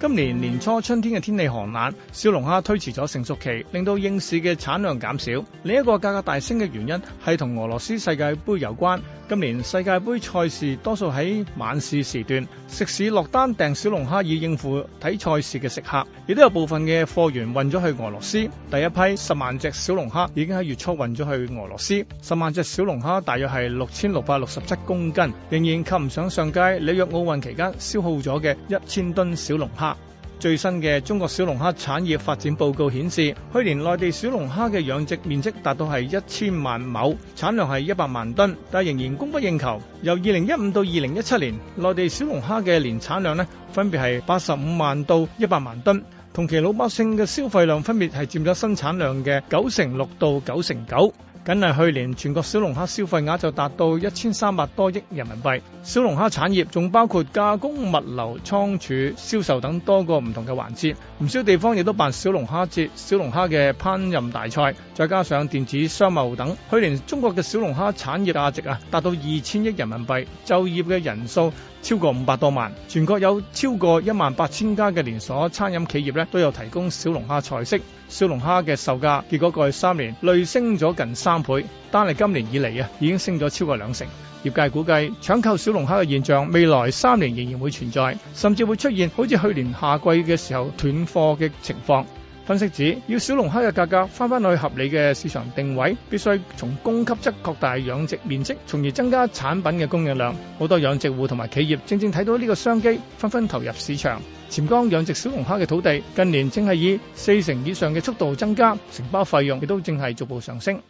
今年年初春天嘅天氣寒冷，小龍蝦推遲咗成熟期，令到應市嘅產量減少。另一個價格大升嘅原因係同俄羅斯世界盃有關。今年世界盃賽事多數喺晚市時段，食肆落單訂小龍蝦以應付睇賽事嘅食客，亦都有部分嘅貨源運咗去俄羅斯。第一批十萬隻小龍蝦已經喺月初運咗去俄羅斯，十萬隻小龍蝦大約係六千六百六十七公斤，仍然及唔上上屆里約奧運期間消耗咗嘅一千噸小龍蝦。最新嘅《中國小龍蝦產業發展報告》顯示，去年內地小龍蝦嘅養殖面積達到係一千萬畝，產量係一百萬噸，但仍然供不應求。由二零一五到二零一七年，內地小龍蝦嘅年產量呢，分別係八十五萬到一百萬噸，同期老百姓嘅消費量分別係佔咗生產量嘅九成六到九成九。緊係去年全國小龍蝦消費額就達到一千三百多億人民幣。小龍蝦產業仲包括加工、物流、倉儲、銷售等多個唔同嘅環節。唔少地方亦都辦小龍蝦節、小龍蝦嘅烹飪大賽，再加上電子商貿等。去年中國嘅小龍蝦產業價值啊，達到二千億人民幣，就業嘅人數超過五百多萬。全國有超過一萬八千家嘅連鎖餐飲企業咧，都有提供小龍蝦菜式。小龍蝦嘅售價，結果過去三年累升咗近三倍，但係今年以嚟啊，已經升咗超過兩成。業界估計搶購小龍蝦嘅現象，未來三年仍然會存在，甚至會出現好似去年夏季嘅時候斷貨嘅情況。分析指，要小龍蝦嘅價格翻翻去合理嘅市場定位，必須從供給側擴大養殖面積，從而增加產品嘅供應量。好多養殖戶同埋企業正正睇到呢個商機，紛紛投入市場。潛江養殖小龍蝦嘅土地近年正係以四成以上嘅速度增加，承包費用亦都正係逐步上升。